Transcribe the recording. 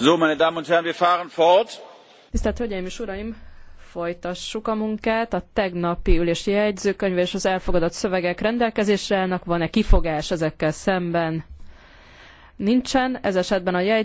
So, meine Damen und Herren, wir fahren fort. Tisztelt Hölgyeim és Uraim, folytassuk a munkát. A tegnapi ülési jegyzőkönyv és az elfogadott szövegek rendelkezésre állnak. Van-e kifogás ezekkel szemben? Nincsen. Ez esetben a jegy